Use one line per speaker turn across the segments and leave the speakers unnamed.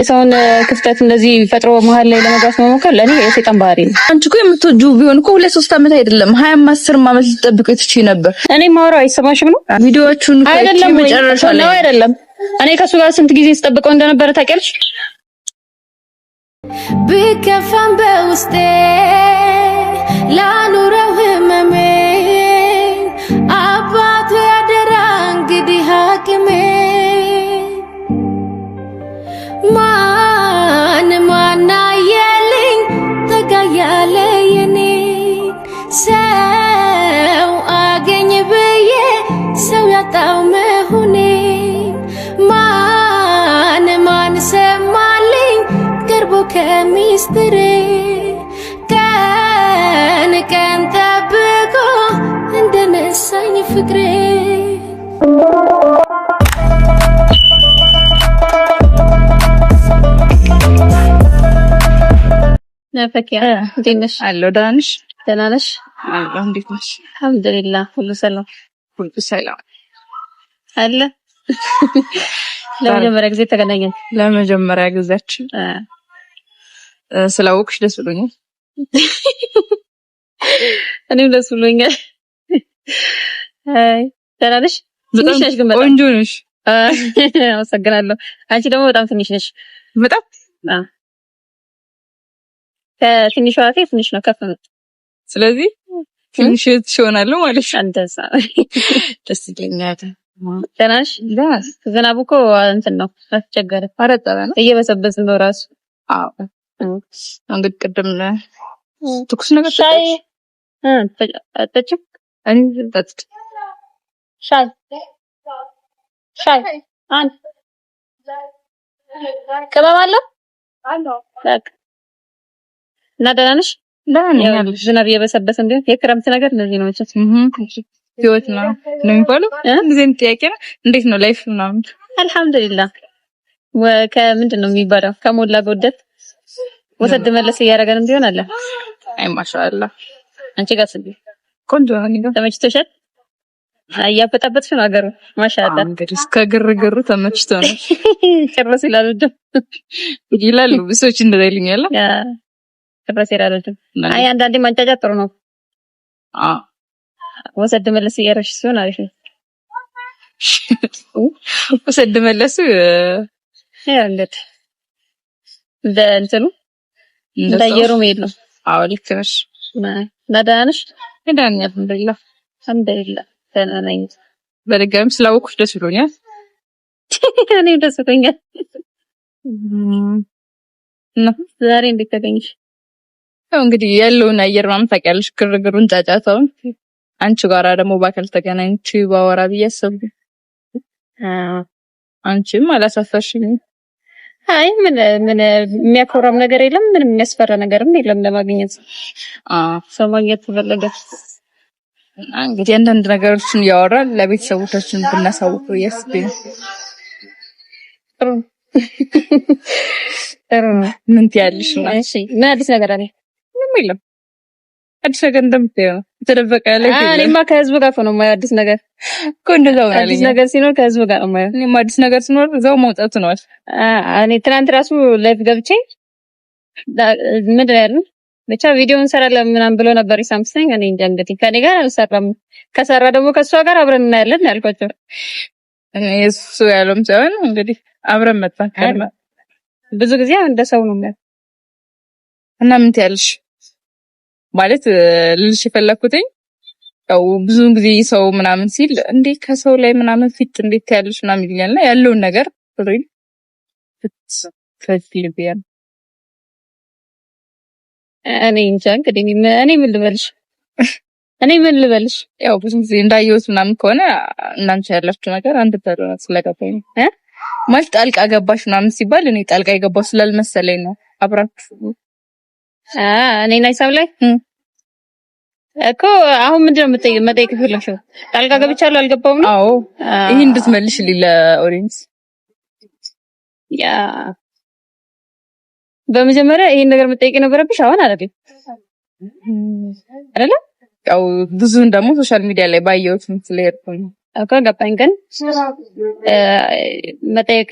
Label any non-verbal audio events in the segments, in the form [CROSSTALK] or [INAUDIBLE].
የሰውን ክፍተት እንደዚህ ፈጥሮ መሀል ላይ ለመግባት መሞከር ለእኔ የሴጣን ባህሪ ነው።
አንቺ እኮ የምትወጁ ቢሆን እኮ ሁለት ሶስት ዓመት አይደለም ሀያም አስር ዓመት ልትጠብቅ ትችይ ነበር።
እኔ ማውራው አይሰማሽም ነው ቪዲዮቹን አይደለም መጨረሻ ነው አይደለም። እኔ ከእሱ ጋር ስንት ጊዜ ስጠብቀው እንደነበረ ታውቂያለሽ። ብከፋም በውስጤ ላ ከሚስትሬ ቀን ቀን ጠብቆ እንደነሳኝ ፍቅሬ ነፈኪያ እንዴት ነሽ?
አለሁ። ደህና ነሽ? ደህና ነሽ? አለሁ። እንዴት ነሽ?
አልሐምዱሊላህ ሁሉ ሰላም፣
ሁሉ ሰላም
አለ። ለመጀመሪያ ጊዜ ተገናኘን።
ለመጀመሪያ ጊዜያችን ስላወቅሽ ደስ ብሎኛል።
እኔም ደስ ብሎኛል። ደህና ነሽ?
ትንሽ ነሽ ግን ቆንጆ ነሽ።
አመሰግናለሁ። አንቺ ደግሞ በጣም ትንሽ ነሽ። በጣም ከትንሿ ዋፊ ትንሽ ነው ከፍ
ስለዚህ ትንሽ ትሆናለሁ ማለት ነው። እንደዛ ደስ ይለኛል።
ደህና ነሽ? ዝናቡ እኮ እንትን ነው አስቸገረ። ኧረ ጠባ ነው እየበሰበስን ነው ራሱ።
አዎ እንግዲህ ቅድም ትኩስ ነገር
ሻይ አጠጭም
እኔ ጠጥቼ
ሻይ ሻይ አንድ ቅመም አለው እና ደህና ነሽ? ዝናብ እየበሰበሰ የክረምት ነገር እንደዚህ ነው። መቼም
ህይወት ነው ነው የሚባለው። ጥያቄ ነው። እንዴት ነው ላይፍ ምናምን?
አልሐምዱሊላህ ከምንድን ነው የሚባለው? ከሞላ ጎደት ወሰድ መለስ እያደረገን እንዲሆን አለ።
አይ ማሻአላ። አንቺ ጋር ስቢ ቆንጆ
ነው። ተመችቶሻል? እያበጣበጥሽ ነው ሀገሩ። ማሻአላ።
እንግዲህ እስከ ግርግሩ ተመችቶ ነው ጭራሽ [LAUGHS] ይላሉ ይላሉ ብሶች እንደዛ ይሉኛል።
ጭራሽ ይላሉ። አይ አንዳንዴ ማንጫጫ ጥሩ ነው። ወሰድ መለስ እያደረግሽ ሲሆን አሪፍ ነው።
[LAUGHS] ወሰድ መለሱ
ያለት በእንትኑ እንዳየሩ መሄድ ነው። አዎ ልክ ነሽ። ደህና ነሽ?
አልሐምዱሊላህ
አልሐምዱሊላህ ደህና ነኝ።
በድጋሚ ስላወኩሽ ደስ ብሎኛል።
[LAUGHS] እኔም ደስ ብሎኛል። ዛሬ እንዴት ተገኘሽ?
ያው እንግዲህ ያለውን አየር ምናምን ታውቂያለሽ፣ ግርግሩን፣ ጫጫታውን አንቺ ጋራ ደግሞ በአካል ተገናኝቼ ባወራ ብዬ አሰብኩኝ። አንቺም አላሳፈርሽኝም
አይ ምን ምን የሚያኮራም ነገር የለም። ምንም የሚያስፈራ ነገርም የለም። ለማግኘት ሰው ማግኘት ተፈለገ
እንግዲህ አንዳንድ ነገሮችን እያወራን ለቤተሰቦቻችን ብናሳውቅ ያስብ ጥሩ ጥሩ ነው። ምን
ምን አዲስ ነገር አለ?
ምንም የለም። አዲስ ነገር እንደምታየው ነው የተደበቀ ያለ።
እኔማ ከህዝብ ጋር ነው የማየው አዲስ ነገር እኮ እንደዛው ነው። አዲስ ነገር ሲኖር ከህዝብ ጋር ነው የማየው።
እኔማ አዲስ ነገር ሲኖር እዛው መውጣት ነው።
እኔ ትናንት ራሱ ላይፍ ገብቼ ምንድን ነው ብቻ ቪዲዮ እንሰራለን ምናምን ብሎ ነበር ሳምሰንግ። እኔ እንጃ እንግዲህ ከኔ ጋር አልሰራም። ከሰራ ደግሞ ከእሷ ጋር አብረን እናያለን ያልኳቸው
እሱ ያለውም ሳይሆን እንግዲህ አብረን መጣን።
ብዙ ጊዜ እንደ ሰው ነው
እና ምን ትያለሽ? ማለት ልልሽ የፈለኩትኝ ያው ብዙውን ጊዜ ሰው ምናምን ሲል እንዴ ከሰው ላይ ምናምን ፊት እንዴት ያለሽ ምናምን ይለኛልና ያለውን ነገር ሪል ፊልቢያን
እኔ እንጃ እንግዲህ እኔ ምን ልበልሽ እኔ ምን ልበልሽ
ያው ብዙ ጊዜ እንዳየሁት ምናምን ከሆነ እናንተ ያላችሁ ነገር አንድ ተደረ ስለገባኝ ነው ማለት ጣልቃ ገባሽ ምናምን ሲባል እኔ ጣልቃ የገባው ስላልመሰለኝ ነው አብራችሁ
እኔ ላይ ሳብ ላይ እኮ አሁን ምንድን ነው የምትጠይቅ መጠየቅ የፈለግሽው? ጣልቃ ገብቻለሁ አልገባውም ነው?
አዎ ይሄን ብትመልሽልኝ ለኦዲየንስ።
ያ በመጀመሪያ ይሄን ነገር መጠየቅ የነበረብሽ አሁን አይደለም አይደለ?
ያው ብዙን ደግሞ ሶሻል ሚዲያ ላይ ባየሁት ስለሄድኩ ነው
እኮ ገባኝ። ግን መጠየቅ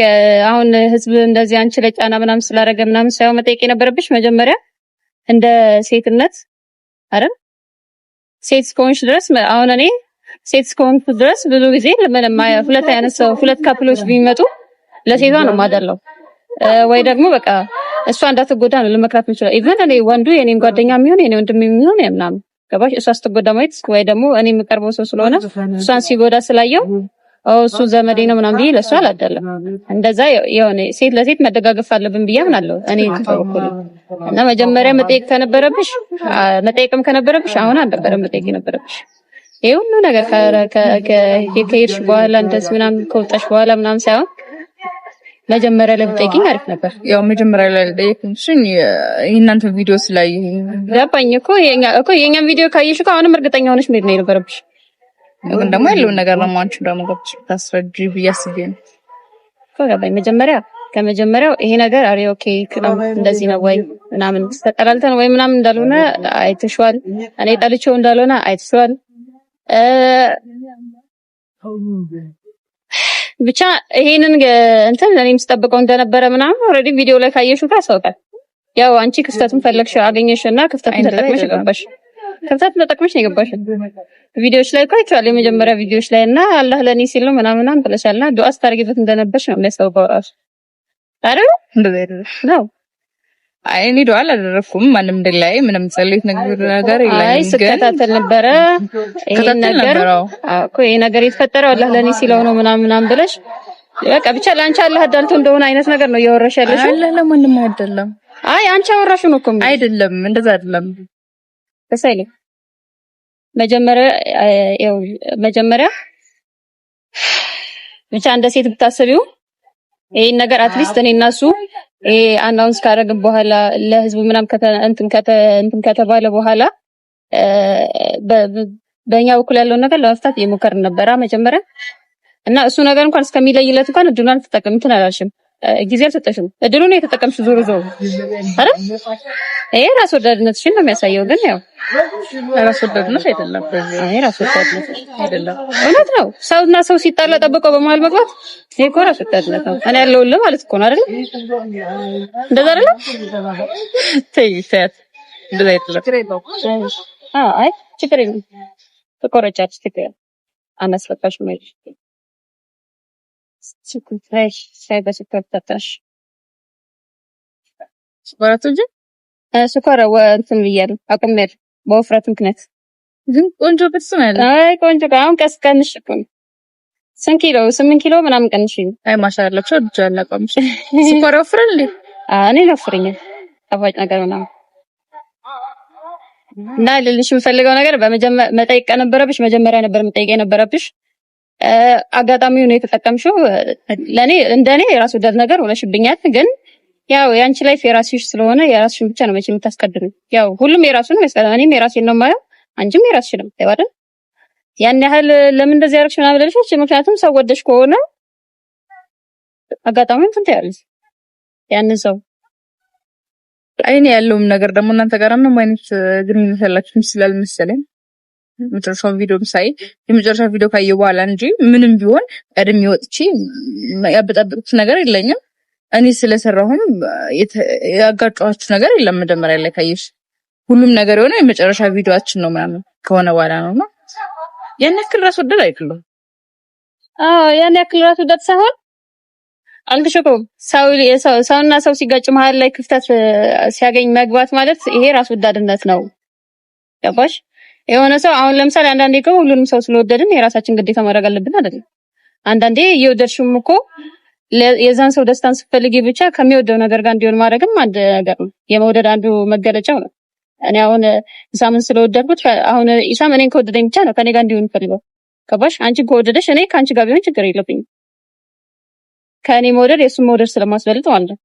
አሁን ህዝብ እንደዚህ አንቺ ለጫና ምናምን ስላደረገ ምናምን ሳይሆን መጠየቅ የነበረብሽ መጀመሪያ እንደ ሴትነት አይደል? ሴት እስከሆንሽ ድረስ አሁን እኔ ሴት እስከሆንኩ ድረስ ብዙ ጊዜ ምንም ሁለት አይነት ሰው ሁለት ካፕሎች ቢመጡ ለሴቷ ነው ማደለው ወይ ደግሞ በቃ እሷ እንዳትጎዳ ነው ልመክራት የምችለው። ኢቨን እኔ ወንዱ የኔን ጓደኛ የሚሆን የኔ ወንድም የሚሆን ምናምን ገባሽ? እሷ ስትጎዳ ማየት ወይ ደግሞ እኔ የምቀርበው ሰው ስለሆነ እሷን ሲጎዳ ስላየው እሱ ዘመዴ ነው ምናምን ብዬ ለእሱ አላዳለም። እንደዛ የሆነ ሴት ለሴት መደጋገፍ አለብን ብዬ አምናለሁ እኔ ተወኩል እና መጀመሪያ መጠየቅ ከነበረብሽ መጠየቅም ከነበረብሽ አሁን አልነበረም መጠየቅ የነበረብሽ ይሄ ሁሉ ነገር ከሄድሽ በኋላ እንደዚህ ምናምን ከወጣሽ በኋላ ምናምን ሳይሆን መጀመሪያ ላይ ብጠይቅኝ አሪፍ ነበር።
ያው መጀመሪያ ላይ ጠየቅሽኝ የእናንተ ቪዲዮ ስላየ
ገባኝ እኮ የኛ እኮ የኛን ቪዲዮ ካየሽ እኮ አሁንም እርግጠኛ ሆነሽ መሄድ ነው የነበረብሽ።
ግን ደግሞ ያለውን ነገር ደግሞ አንቺ ደግሞ ገብች ታስረጅ ብዬ አስቤ ነው
ከገባኝ መጀመሪያ ከመጀመሪያው ይሄ ነገር አሬ ኦኬ እንደዚህ ነው ወይ ምናምን ተጠላልተን ወይ ምናምን እንዳልሆነ አይተሽዋል። እኔ ጠልቼው እንዳልሆነ አይተሽዋል። ብቻ ይሄንን እንትን እኔም ስጠብቀው እንደነበረ ምናምን ኦልሬዲ ቪዲዮ ላይ ካየሽው ታሳውቃል። ያው አንቺ ክፍተቱን ፈለግሽ አገኘሽ እና ክፍተቱን ተጠቅመሽ ገባሽ። ከብዛት ተጠቅመሽ ነው የገባሽው። ቪዲዮዎች ላይ እኮ አይቼዋለሁ፣ የመጀመሪያ ቪዲዮዎች ላይ እና አላህ ለኔ ሲል ነው ምናምን ምናምን እና ዱዓ ስታደርጊበት እንደነበርሽ ነው የሚያስታውቀው እራሱ አይደል? እንደዛ ነው።
አይ እኔ ዱዓ አላደረኩም ማንም እንደላይ ምንም ጸሎት ነገር ነገር የለም።
አይ ስከታተል ነበረ
ይሄ ነገር
እኮ ይሄ ነገር የተፈጠረው አላህ ለኔ ሲለው ነው ምናምን ምናምን ብለሽ በቃ ብቻ ለአንቺ አላህ አዳልቶ እንደሆነ አይነት ነገር ነው እያወራሽ ያለሽው።
አላህ ለማንም አይደለም።
አይ አንቺ አወራሽው ነው እኮ
አይደለም፣ እንደዛ አይደለም
እሰይ መጀመሪያ ያው መጀመሪያ ብቻ እንደ ሴት ብታስቢው ይሄን ነገር አትሊስት እኔ እና እሱ ይሄ አናውንስ ካደረግን በኋላ ለህዝቡ ምናም ከተ እንትን ከተ እንትን ከተባለ በኋላ በእኛ በኩል ያለውን ነገር ለመፍታት እየሞከርን ነበራ መጀመሪያ እና እሱ ነገር እንኳን እስከሚለይለት እንኳን እድሉን አልተጠቀም እንትን አላልሽም ጊዜ አልሰጠሽም። እድሉ ነው የተጠቀምሽ ዞሮ ዞሮ አረ ይሄ ራስ ወዳድነትሽን ነው የሚያሳየው። ግን ያው
ራስ ወዳድነት አይደለም።
አይ ራስ ወዳድነት አይደለም። እውነት ነው። ሰውና ሰው ሲጣላ ጠብቀው በመሀል መግባት ይሄ እኮ ራስ ወዳድነት ነው። እኔ ያለሁልህ ማለት እኮ ነው አይደል? እንደዛ አይደለ?
ተይ ሰት እንደዛ አይደለም።
አይ ችግር የለም። ተቆረጫች ትክክል አናስፈቃሽ ነው
ስኳር አትወጂም?
ስኳር እንትን ብያለሁ አቁሜያለሁ በወፍረት ምክንያት።
ግን ቆንጆ ቅርጽ ነው ያለው።
አይ ቆንጆ አሁን ቀስ ቀንሽ እኮ ነው። ስንት ኪሎ? ስምንት ኪሎ ምናምን ቀንሽ።
አይ ማሻአላ ብቻ ብቻ ያላቀምሽ ስኳር ያወፍራል እንዴ?
እኔ ያወፍረኛል ጣፋጭ ነገር ምናምን እና ልልሽ የምፈልገው ነገር በመጀመሪያ መጠየቅ ነበረብሽ። መጀመሪያ ነበር መጠየቅ የነበረብሽ አጋጣሚውን የተጠቀምሽው ለእኔ እንደኔ የራስ ወዳድ ነገር ሆነሽብኛል። ግን ያው የአንቺ ላይፍ የራስሽ ስለሆነ የራስሽን ብቻ ነው መቼ የምታስቀድም። ያው ሁሉም የራሱን መሰለ። እኔም የራሴን ነው የማየው፣ አንቺም የራስሽን ነው አይደል? ያን ያህል ለምን እንደዚህ ያደርግሽ ምናምን ብለሽ፣ ምክንያቱም ሰው ወደሽ ከሆነ አጋጣሚውን ምን ትያለሽ ያንን ሰው
አይኔ ያለውም ነገር ደግሞ እናንተ ጋር ምንም አይነት ግንኙነት ስላል መሰለኝ መጨረሻውን ቪዲዮም ሳይ የመጨረሻ ቪዲዮ ካየ በኋላ እንጂ ምንም ቢሆን ቀድሜ ወጥቼ ያበጣበጡት ነገር የለኝም። እኔ ስለሰራሁም ያጋጫዋችሁ ነገር የለም። መጀመሪያ ላይ ካየሽ ሁሉም ነገር የሆነ የመጨረሻ ቪዲዮችን ነው ምናምን ከሆነ በኋላ ነው ነው ያን ያክል ራስ ወደድ አይክሉ
ያን ያክል ራስ ወደድ ሳይሆን አልተሸከም ሰውና ሰው ሲጋጭ መሀል ላይ ክፍተት ሲያገኝ መግባት ማለት ይሄ ራስ ወዳድነት ነው። ገባሽ? የሆነ ሰው አሁን ለምሳሌ አንዳንዴ እኮ ሁሉንም ሰው ስለወደድን የራሳችን ግዴታ ማድረግ አለብን አይደለም። አንዳንዴ እየወደድሽም እኮ የዛን ሰው ደስታን ስትፈልጊ ብቻ ከሚወደው ነገር ጋር እንዲሆን ማድረግም አንድ ነገር ነው። የመውደድ አንዱ መገለጫው ነው። እኔ አሁን ኢሳምን ስለወደድኩት አሁን ኢሳም እኔን ከወደደኝ ብቻ ነው ከኔ ጋር እንዲሆን ፈልገው። ከባሽ አንቺን ከወደደሽ እኔ ከአንቺ ጋር ቢሆን ችግር የለብኝም። ከእኔ መውደድ የእሱን መውደድ ስለማስበልጥ ማለት ነው።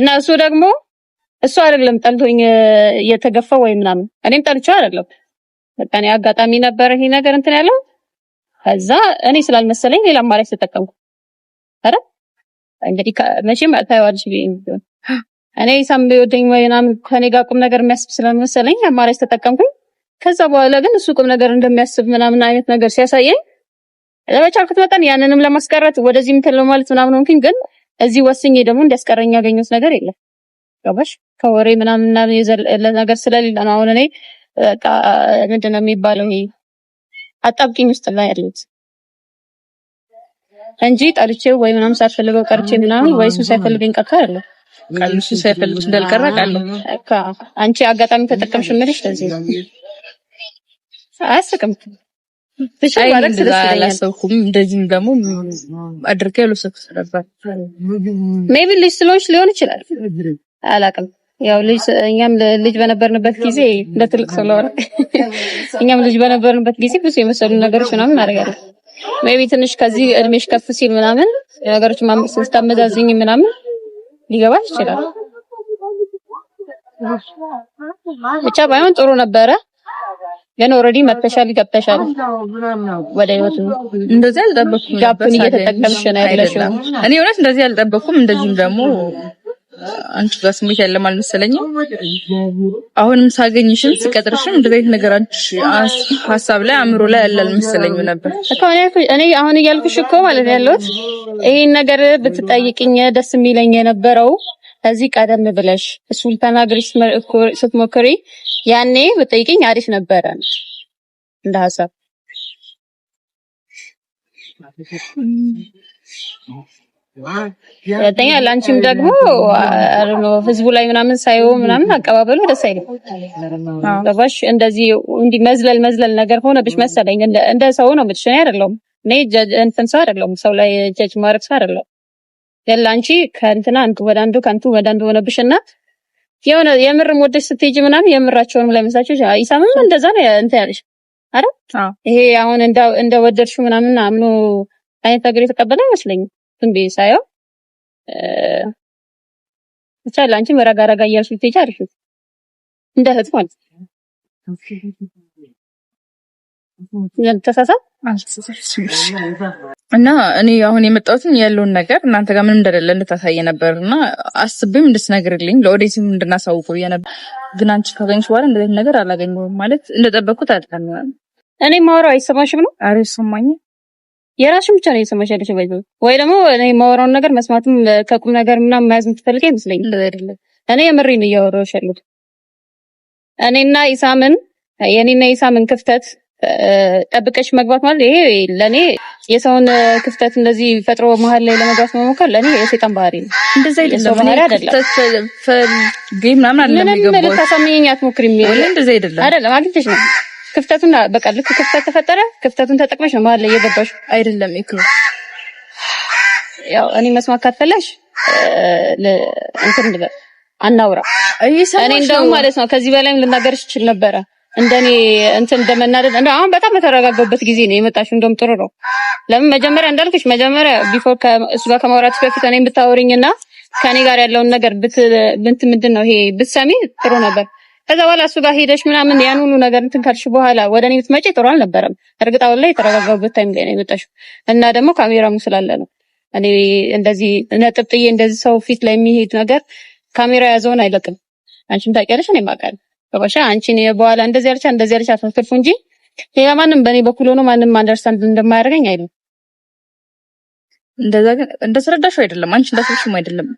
እና እሱ ደግሞ እሱ አይደለም ጠልቶኝ የተገፋ ወይ ምናምን፣ እኔም ጠልቼው አይደለም። በቃ እኔ አጋጣሚ ነበረ ይሄ ነገር እንትን ያለው። ከዛ እኔ ስላልመሰለኝ ሌላ አማራጭ ተጠቀምኩ። አረ እንግዲህ መቼም ታይዋለሽ ቢሆን እኔ ሳም ቢወደኝ ምናምን ከኔ ጋር ቁም ነገር የሚያስብ ስላልመሰለኝ አማራጭ ተጠቀምኩኝ። ከዛ በኋላ ግን እሱ ቁም ነገር እንደሚያስብ ምናምን አይነት ነገር ሲያሳየኝ በቻልኩት መጠን ያንንም ለማስቀረት ወደዚህ ምትለው ማለት ምናምን ሆንኩኝ። ግን እዚህ ወስኜ ደግሞ እንዲያስቀረኝ ያገኘሁት ነገር የለም። ገባሽ? ከወሬ ምናምን ምናምን የዘለለ ነገር ስለሌለ ነው። አሁን እኔ በቃ ምንድን ነው የሚባለው ይሄ አጣብቂኝ ውስጥ ላይ ያለሁት እንጂ ጠልቼው ወይ ምናምን ሳልፈልገው ቀርቼ ምናምን ወይ እሱ ሳይፈልገኝ ቀርቶ አይደለም።
እሱ ሳይፈልግ እንዳልቀረ አውቃለሁ።
በቃ አንቺ አጋጣሚ ተጠቀምሽ የምልሽ ለዚህ ነው። አያስቅም።
አይ አላሰብኩም። እንደዚህም ደግሞ አድርጌ ሰክስ ነበር።
ሜቢ ቢ ልጅ ስለሆንሽ ሊሆን ይችላል። አላቅም። ያው ልጅ እኛም ልጅ በነበርንበት ጊዜ እንደ ትልቅ ስለሆነ እኛም ልጅ በነበርንበት ጊዜ ብዙ የመሰሉ ነገሮች ምናምን እናደርጋለን። ሜቢ ትንሽ ከዚህ እድሜሽ ከፍ ሲል ምናምን ነገሮች ስታመዛዝኝ ምናምን ሊገባ ይችላል። ብቻ ባይሆን ጥሩ ነበረ፣ ግን ኦልሬዲ መተሻል ገብተሻል ወደ ህይወቱ።
እንደዚህ አልጠበኩም።
ጋፕን እየተጠቀምሽ ነው ያለሽው።
እኔ እውነት እንደዚህ አልጠበኩም። እንደዚህም ደግሞ አንቺ ጋር ስሜት ያለም አልመሰለኝም። አሁንም ሳገኝሽም ስቀጥርሽም እንደዚህ አይነት ነገር ሀሳብ ላይ አእምሮ ላይ ያለ አልመሰለኝም ነበር
እኮ እኔ አሁን እያልኩሽ እኮ ማለት ያለሁት ይሄን ነገር ብትጠይቅኝ ደስ የሚለኝ የነበረው ከዚህ ቀደም ብለሽ እሱን ተናግሪሽ ስትሞክሪ ያኔ ብትጠይቅኝ አሪፍ ነበረ እንደ ሀሳብ ሁለተኛ ለአንቺም ደግሞ ህዝቡ ላይ ምናምን ሳይሆን ምናምን አቀባበሉ ደስ አይልም። ገባሽ? እንደዚህ እንዲህ መዝለል መዝለል ነገር ሆነብሽ መሰለኝ። እንደ ሰው ነው የምትሽ። እኔ አይደለሁም እኔ እንትን ሰው አይደለሁም፣ ሰው ላይ ጀጅ ማድረግ ሰው አይደለሁም። ግን ለአንቺ ከእንትና አንቱ ወደ አንዱ ከአንቱ ወደ አንዱ ሆነብሽና የሆነ የምርም ወደሽ ስትሄጂ ምናምን የምራቸውንም ላይ መሳቸው ኢሳምም እንደዛ ነው እንትን ያለሽ አይደል? ይሄ አሁን እንደወደድሽው ምናምን አምኖ አይነት ነገር የተቀበለ አይመስለኝም። ዝም ብዬ ሳየው ብቻ ለአንቺም ረጋ ረጋ እያልሽ ብትሄጂ አሪፍ ነው፣ እንደ እህት ማለት
እና እኔ አሁን የመጣሁትን ያለውን ነገር እናንተ ጋር ምንም እንደሌለ እንድታሳየ ነበር እና አስቤም እንድትነግርልኝ ለኦዴሲም እንድናሳውቁ ነበር። ግን አንቺ ካገኘሽ በኋላ እንደዚህ ነገር አላገኘሁም ማለት እንደጠበቅኩት አልቀን
እኔ ማውራው አይሰማሽም ነው?
ኧረ ይሰማኛል
የራስሽን ብቻ ነው የሰማሽ ያለሽ ባይ ወይ ደግሞ እኔ የማወራውን ነገር መስማትም ከቁም ነገር ምናምን መያዝ የምትፈልግ አይደለም እኔ የምሬን እያወራሁሽ ያለሁት እኔና ኢሳምን የኔና ኢሳምን ክፍተት ጠብቀሽ መግባት ማለት ይሄ ለእኔ የሰውን ክፍተት እንደዚህ ፈጥሮ መሀል ላይ ለመግባት መሞከር ለእኔ የሴጣን ባህሪ ነው።
እንደዛ አይደለም ባህሪ አይደለም። ምንም
ልታሳምኘኝ አትሞክሪም። እንደዛ አይደለም አይደለም አግኝተሽ ነው ክፍተቱን በቃ ልክ ክፍተት ተፈጠረ፣ ክፍተቱን ተጠቅመሽ ነው መሀል ላይ የገባሽ
አይደለም። ኢክሩ
ያው እኔ መስማት ካትፈለሽ እንትን አናውራ። እኔ እንደውም ማለት ነው ከዚህ በላይም ልናገርሽ ይችል ነበረ። እንደኔ እንትን እንደመናደድ እንደ አሁን በጣም በተረጋጋሁበት ጊዜ ነው የመጣሽው። እንደውም ጥሩ ነው። ለምን መጀመሪያ እንዳልኩሽ መጀመሪያ ቢፎር ከእሱ ጋር በፊት እኔን ብታወሪኝና ከኔ ጋር ያለውን ነገር ብት ምንድን ነው ይሄ ብትሰሚ ጥሩ ነበር። ከዛ በኋላ እሱ ጋር ሄደሽ ምናምን ያን ሁሉ ነገር እንትን ካልሽ በኋላ ወደ እኔ ብትመጪ ጥሩ አልነበረም። እርግጣው ላይ የተረጋጋሁበት ታይም ላይ ነው የመጣሽው እና ደግሞ ካሜራሙ ስላለ ነው እኔ እንደዚህ ነጥብ ጥዬ እንደዚህ ሰው ፊት ላይ የሚሄድ ነገር ካሜራ ያዘውን አይለቅም። አንቺም ታውቂያለሽ፣ እኔም አውቃለሁ። ገባሽ? አንቺ በኋላ እንደዚህ አለች እንደዚህ አለች አትፈልፉ እንጂ ሌላ ማንም በእኔ በኩል ሆኖ ማንም አንደርስታንድ እንደማያደርገኝ አይደለም።
እንደዛ ግን እንደተረዳሽው አይደለም አንቺ እንዳሰብሽው አይደለም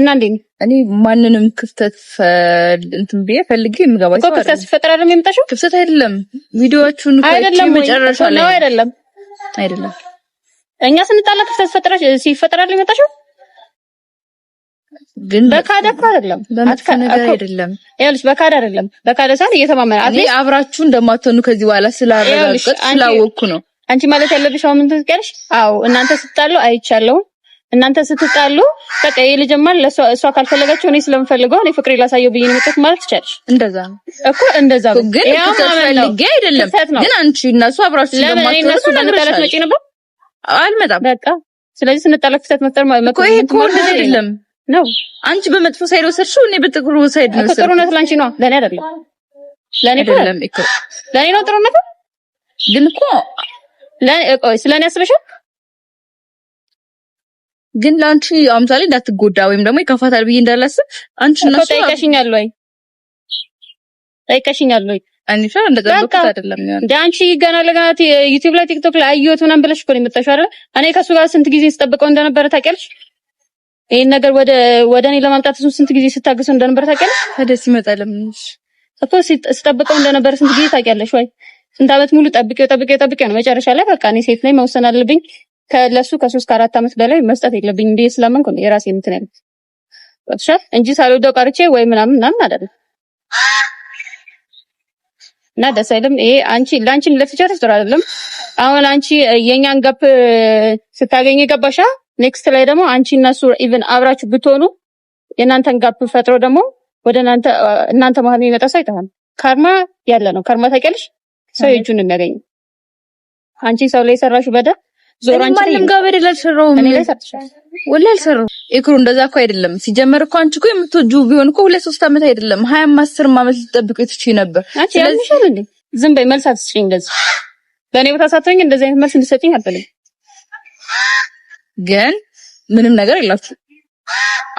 እና እንዴ እኔ ማንንም ክፍተት እንትን ብዬ ፈልጌ የምገባ እኮ
ክፍተት ሲፈጠር አይደለም የምጣሽው።
ክፍተት አይደለም ቪዲዮዎቹን አይደለም መጨረሻ ላይ አይደለም አይደለም
እኛ ስንጣላ ክፍተት ሲፈጠር ሲፈጠር አይደለም የምጣሽው። ግን በካደ እኮ አይደለም
ነገር አይደለም
ይኸውልሽ፣ በካደ አይደለም በካደ ሳል እየተማመነ
እኔ አብራችሁ እንደማትሆኑ ከዚህ በኋላ ስላረጋግጥ ስላወቅኩ ነው።
አንቺ ማለት ያለብሽ አሁን ምን ትቀርሽ? አዎ እናንተ ስትጣሉ አይቻለሁ እናንተ ስትጣሉ በቃ የልጅማ እሷ ካልፈለጋችሁ እኔ ስለምፈልገው እኔ ፍቅሬ ላሳየው ብዬ ነው የመጣሁት ማለት ይቻላል። እንደዛ እኮ እንደዛ ነው።
ግን ፈልጌ አይደለም። ግን አንቺ እና እሱ አብራችሁ
ስለማትሆኑ እነሱ በመጣላት መጪ ነበር
አልመጣም። በቃ
ስለዚህ ስንጣላ ክፍተት መፍጠር ማለት
ነው። ይሄ እኮ አይደለም ነው አንቺ በመጥፎ ሳይድ ወሰድሽው፣ እኔ በጥሩ ሳይድ
ነው ወሰድኩት። ጥሩነት ላንቺ ነው ለኔ አይደለም። ለኔ አይደለም እኮ ለኔ ነው ጥሩነቱ። ግን እኮ ለኔ ቆይ ስለኔ አስበሻል
ግን ለአንቺ አምሳሌ እንዳትጎዳ ወይም ደግሞ ይከፋታል ብዬ እንዳላስ አንቺ
እና እሱ ጠይቀሽኛል ወይ ጠይቀሽኛል ወይ? አንቺ እንደጠበቅኩት አይደለም። አንቺ ገና ለገና ዩቲዩብ ላይ ቲክቶክ ላይ አየሁት ምናምን ብለሽ እኮ ነው የመጣሽው አይደል? እኔ ከሱ ጋር ስንት ጊዜ ስጠብቀው እንደነበረ ታውቂያለሽ። ይሄን ነገር ወደ ወደ እኔ ለማምጣት እሱን ስንት ጊዜ ስታግሰው እንደነበረ ታውቂያለሽ።
ታዲያ ሲመጣ ለምን
እኮ ስጠብቀው እንደነበረ ስንት ጊዜ ታውቂያለሽ ወይ? ስንት ዓመት ሙሉ ጠብቄው ጠብቄው ጠብቄው ነው መጨረሻ ላይ በቃ እኔ ሴት ላይ መውሰን አለብኝ ከለሱ ከሶስት ከአራት አመት በላይ መስጠት የለብኝ እንዴ ስለማንኩ ነው የራሴ እንትን ያለች ወጥሻል እንጂ ሳልወደው ቀርቼ ወይ ምናምን ምናምን አይደለም። እና ደስ አይልም ይሄ አንቺ ላንቺ ለፍጨርሽ ጥሩ አይደለም። አሁን አንቺ የኛን ገብ ስታገኝ ገባሻ። ኔክስት ላይ ደግሞ አንቺ እነሱ ኢቭን አብራችሁ ብትሆኑ የእናንተን ጋፕ ፈጥሮ ደግሞ ወደ እናንተ እናንተ መሀል የሚመጣ ሰው አይጠፋም። ከርማ ያለ ነው። ካርማ ታውቂያለሽ፣ ሰው የእጁን የሚያገኝ አንቺ ሰው ላይ የሰራሽው በደል
ዞር አንቺ ማንም ጋር በደል አልሰራሁም። እኔ
ላይ አልሰራሁም።
ኢክሩ እንደዛ እኮ አይደለም። ሲጀመር እኮ አንቺ እኮ የምትወጂው ቢሆን እኮ ሁለት ሶስት ዓመት አይደለም ሀያም አስርም ዓመት ልትጠብቂው ትችይ ነበር።
ዝም በይ፣ መልስ አትስጪኝ። እንደዚህ በእኔ ቦታ ሳትሆኝ እንደዚህ አይነት መልስ እንድትሰጪኝ አልፈልግም።
ግን ምንም ነገር የላችሁ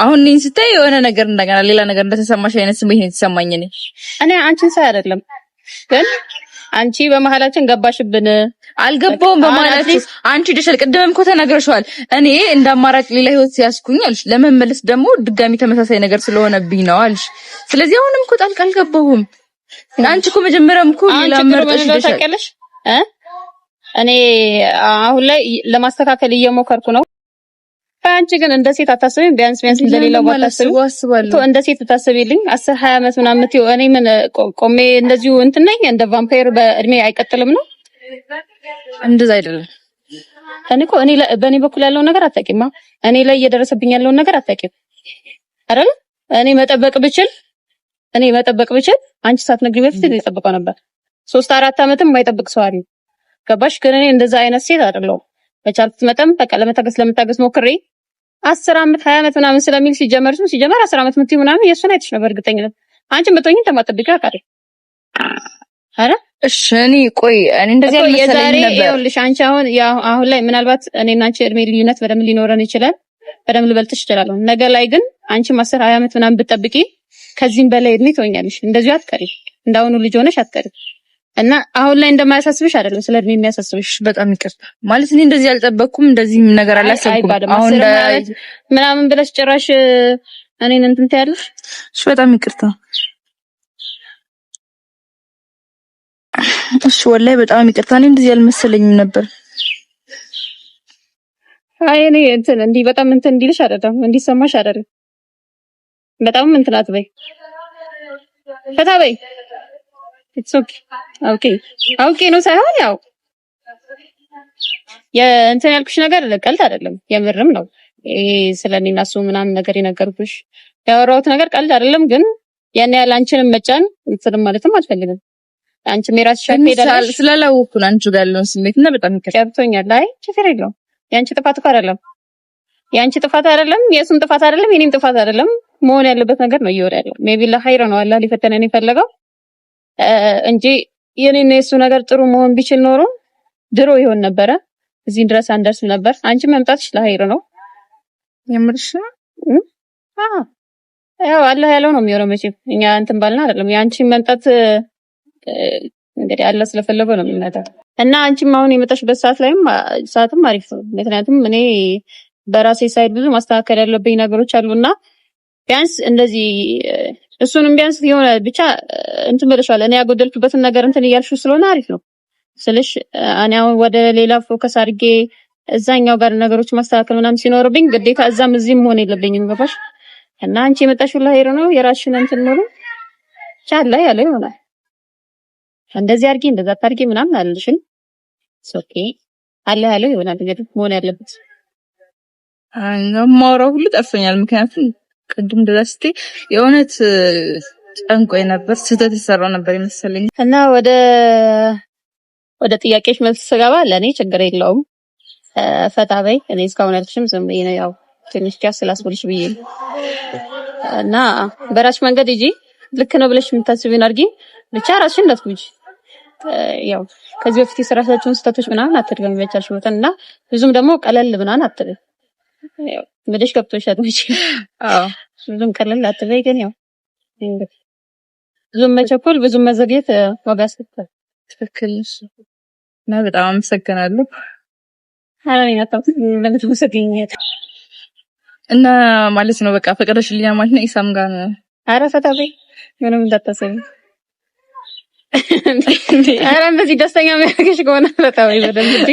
አሁን እኔን ስታይ የሆነ ነገር እንደገና ሌላ ነገር እንደተሰማሽ አይነት ስሜት ነው የተሰማኝ። እኔ
እኔ አንቺን ሳይ አይደለም ግን አንቺ በመሀላችን ገባሽብን
አልገባውም በማለት አንቺ ደሽል ቅድምም እኮ ተናግረሽዋል። እኔ እንደ አማራጭ ሌላ ህይወት ሲያስኩኝ አልሽ። ለመመለስ ደግሞ ድጋሚ ተመሳሳይ ነገር ስለሆነብኝ ነው አልሽ። ስለዚህ አሁንም እኮ ጣልቃ አልገባሁም። አንቺ እኮ መጀመሪያም እኮ
ሌላ መርጠሽ ሄደሻል። እኔ አሁን ላይ ለማስተካከል እየሞከርኩ ነው። ቆይ አንቺ ግን እንደ ሴት አታስቢም? ቢያንስ ቢያንስ እንደሌላው ቶ እንደ ሴት ብታስቢልኝ አስር ሀያ ዓመት ምናምን የምትይው እኔ ምን ቆሜ እንደዚሁ እንትን ነኝ? እንደ ቫምፓየር በእድሜ አይቀጥልም ነው? እንደዛ አይደለም። እኔ እኮ እኔ በእኔ በኩል ያለውን ነገር አታውቂማ። እኔ ላይ እየደረሰብኝ ያለውን ነገር አታውቂም አይደል? እኔ መጠበቅ ብችል እኔ መጠበቅ ብችል አንቺ ሳትነግሪኝ በፊት እየጠበቀው ነበር። ሶስት አራት አመትም የማይጠብቅ ሰው አለ። ገባሽ? ግን እኔ እንደዛ አይነት ሴት አይደለሁም። በቻልኩት መጠን በቃ ለመታገስ ለመታገስ ሞክሬ አስር አመት ሀያ አመት ምናምን ስለሚል ሲጀመር እሱም ሲጀመር አስር አመት ምትይ ምናምን የእሱን አይተሽ ነው በእርግጠኝነት አንቺ መጥቶኝ ተማጥብቂ አውቃለሁ። አረ
እሺ እኔ ቆይ እኔ እንደዚህ አይነት የዛሬ
ይኸውልሽ አንቺ አሁን ያው አሁን ላይ ምናልባት እኔና አንቺ እድሜ ልዩነት በደንብ ሊኖረን ይችላል፣ በደንብ ልበልጥሽ ይችላል። ነገ ላይ ግን አንቺ አስር ሀያ አመት ምናምን ብትጠብቂ ከዚህም በላይ እድሜ ትሆኛለሽ። እንደዚሁ አትቀሪ፣ እንዳሁኑ ልጅ ሆነሽ አትቀሪ። እና አሁን ላይ እንደማያሳስብሽ አይደለም፣ ስለ እድሜ የሚያሳስብሽ
በጣም ይቅርታ ማለት እኔ እንደዚህ አልጠበቅኩም፣ እንደዚህ ነገር አላሰብኩም።
አሁን ምናምን ብለሽ ጭራሽ እኔን እንትን ትያለሽ።
እሺ በጣም ይቅርታ። እሺ ወላሂ በጣም ይቅርታ። እኔ እንደዚህ አልመሰለኝም ነበር።
አይ እኔ እንትን እንዲህ በጣም እንትን እንዲልሽ አይደለም፣ እንዲሰማሽ አይደለም። በጣም እንትን አትበይ፣ ፈታ በይ ኢትስ ኦኬ ኦኬ አውቄ ነው ሳይሆን ያው የእንትን ያልኩሽ ነገር ቀልድ አይደለም፣ የምርም ነው። ይሄ ስለኔና እሱ ምናምን ነገር የነገርኩሽ ያወራሁት ነገር ቀልድ አይደለም። ግን ያን ያህል አንቺንም መጫን እንትንም ማለትም አልፈልግም። አንቺ ሜራስ ሻክ
ሄዳለሽ አንቺ ጋር ያለውን ስሜት እና በጣም
ይከብቶኛል። አይ ችግር የለውም። የአንቺ ጥፋት እኮ አይደለም፣ የአንቺ ጥፋት አይደለም፣ የእሱም ጥፋት አይደለም፣ የኔም ጥፋት አይደለም። መሆን ያለበት ነገር ነው እየወራ ያለው ሜቢ ለሀይር ነው አላህ ሊፈተነን የፈለገው እንጂ የኔና የሱ ነገር ጥሩ መሆን ቢችል ኖሮ ድሮ ይሆን ነበረ። እዚህ ድረስ አንደርስም ነበር። አንቺ መምጣትሽ ለሀይር ነው የምርሽ። ያው አላህ ያለው ነው የሚሆነው። መቼም እኛ እንትን ባልና አይደለም። የአንቺን መምጣት እንግዲህ አላህ ስለፈለገው ነው የሚመጣው እና አንቺም አሁን የመጣሽበት ሰዓት ላይም ሰዓትም አሪፍ ነው። ምክንያቱም እኔ በራሴ ሳይድ ብዙ ማስተካከል ያለብኝ ነገሮች አሉና ቢያንስ እንደዚህ እሱንም ቢያንስ የሆነ ብቻ እንትን ብለሻል። እኔ ያጎደልኩበትን ነገር እንትን እያልሽው ስለሆነ አሪፍ ነው ስልሽ እኔ አሁን ወደ ሌላ ፎከስ አድርጌ እዛኛው ጋር ነገሮች ማስተካከል ምናምን ሲኖርብኝ ግዴታ እዛም እዚህም መሆን የለብኝም። ገባሽ? እና አንቺ የመጣሽው ለሄሮ ነው የራስሽን እንትን ኖሮ ቻላ ያለ ይሆናል። እንደዚህ አድርጌ እንደዛ አድርጌ ምናምን አልልሽን ኦኬ አለ ያለው ይሆናል። እንግዲህ መሆን ያለበት
ማውራው ሁሉ ጠፍቶኛል ምክንያቱም ቅድም ድረስ የእውነት ጨንቆ ነበር። ስህተት የሰራው ነበር የመሰለኝ
እና ወደ ወደ ጥያቄዎች መልስ ስገባ ለእኔ ችግር የለውም ፈታ በይ። እኔ እስካሁን ያልኩሽም ዝም ብዬ ነው ያው ትንሽ ጃስ ስላስብልሽ ብዬ እና በራስሽ መንገድ እጂ ልክ ነው ብለሽ የምታስቢውን አድርጊ። ብቻ ራስሽን እንዳትጉጂ። ያው ከዚህ በፊት የሰራሻቸውን ስህተቶች ምናምን አትድገሚ በቻልሽ ቦታ እና ብዙም ደግሞ ቀለል ምናምን አትበይ። ብልሽ ገብቶሻል። መቼ አዎ ብዙም ቀለል አትበይ። ግን ያው ብዙም መቸኮል፣ ብዙም መዘግየት ዋጋ ያስከፍላል።
ትክክል እና በጣም አመሰግናለሁ። እና ማለት ነው በቃ ፈቅደሽልኛ ማለት ነው ኢሳም ጋር ኧረ ፈታ በይ ምንም እንዳታሰቢ
ኧረ እንደዚህ ደስተኛ የሚያደርግሽ ከሆነ ለታወይ በደንብ እንጂ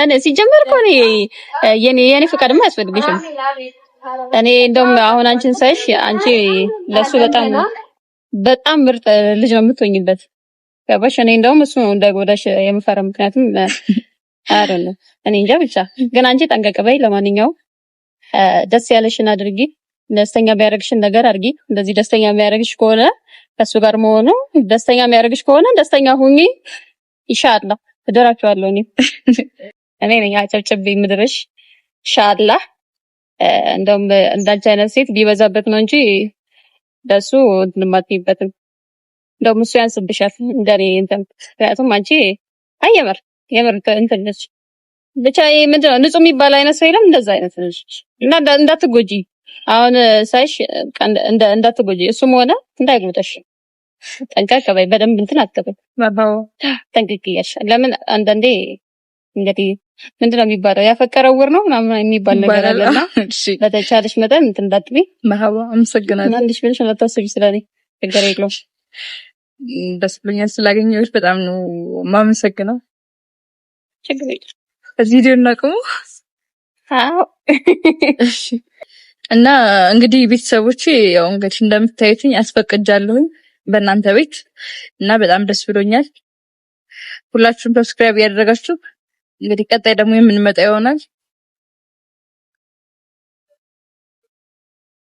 ኧረ ሲጀመር እኮ እኔ የኔ ፈቃድማ አያስፈልግሽም። እኔ እንደውም አሁን አንቺን ሳይሽ አንቺ ለሱ በጣም በጣም ምርጥ ልጅ ነው የምትወኝበት። ገባሽ? እኔ እንደውም እሱ ነው እንዳይጎዳሽ የምፈራ ምክንያቱም አይደለም እኔ እንጃ ብቻ ግን አንቺ ጠንቀቅ በይ። ለማንኛውም ደስ ያለሽን አድርጊ። ደስተኛ የሚያደርግሽን ነገር አድርጊ። እንደዚህ ደስተኛ የሚያደርግሽ ከሆነ ከሱ ጋር መሆኑ ደስተኛ የሚያደርግሽ ከሆነ ደስተኛ ሁኚ። ኢንሻአላ እደራችኋለሁ። እኔ እኔ ነኝ አጨብጭቤ ምድርሽ ኢንሻአላ። እንደውም እንዳንቺ አይነት ሴት ቢበዛበት ነው እንጂ ለሱ እንትን የማትይበትም። እንደውም እሱ ያንስብሻል እንደኔ እንትን። ምክንያቱም አንቺ አየመር የምር እንትን ነች ብቻ። ይሄ ምንድን ነው ንጹህ የሚባል አይነት ሰው የለም። እንደዛ አይነት ነች እና እንዳትጎጂ አሁን ሳይሽ እንዳትጎጂ፣ እሱም ሆነ እንዳይጎተሽ ጠንቀቅ በይ። በደንብ እንትን አትበይ። ባባው ጠንቀቅ እያልሽ ለምን አንዳንዴ እንግዲህ ምንድን ነው የሚባለው ያፈቀረው ውር ነው ምናምን የሚባል ነገር አለና፣ በተቻለሽ መጠን እንትን እንዳትበይ።
መሀባ አመሰግናለሁ።
አንዲሽ ብለሽ እንዳታስቢ ስለኔ ችግር የለውም።
ደስ ብሎኛል ስላገኘሁሽ፣ በጣም ነው የማመሰግነው። ችግር የለውም። እዚህ ዲዮና ቁሙ። አዎ እሺ እና እንግዲህ ቤተሰቦች ያው እንግዲህ እንደምታዩትኝ አስፈቅጃለሁኝ በእናንተ ቤት እና በጣም ደስ ብሎኛል። ሁላችሁም ሰብስክራይብ ያደረጋችሁ እንግዲህ ቀጣይ ደግሞ የምንመጣ ይሆናል።